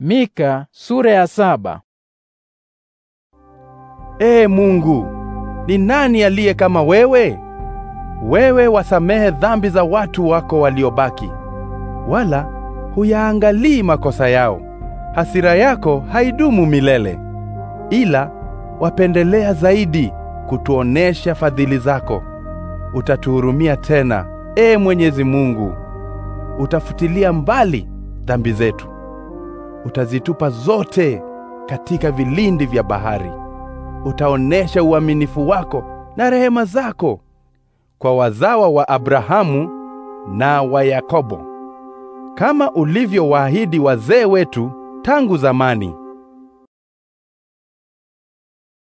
Mika sura ya saba. Ee Mungu, ni nani aliye kama wewe? Wewe wasamehe dhambi za watu wako waliobaki, wala huyaangalii makosa yao. Hasira yako haidumu milele, ila wapendelea zaidi kutuonesha fadhili zako. Utatuhurumia tena, Ee Mwenyezi Mungu, utafutilia mbali dhambi zetu utazitupa zote katika vilindi vya bahari. Utaonesha uaminifu wako na rehema zako kwa wazawa wa Abrahamu na wa Yakobo, kama ulivyowaahidi wazee wetu tangu zamani.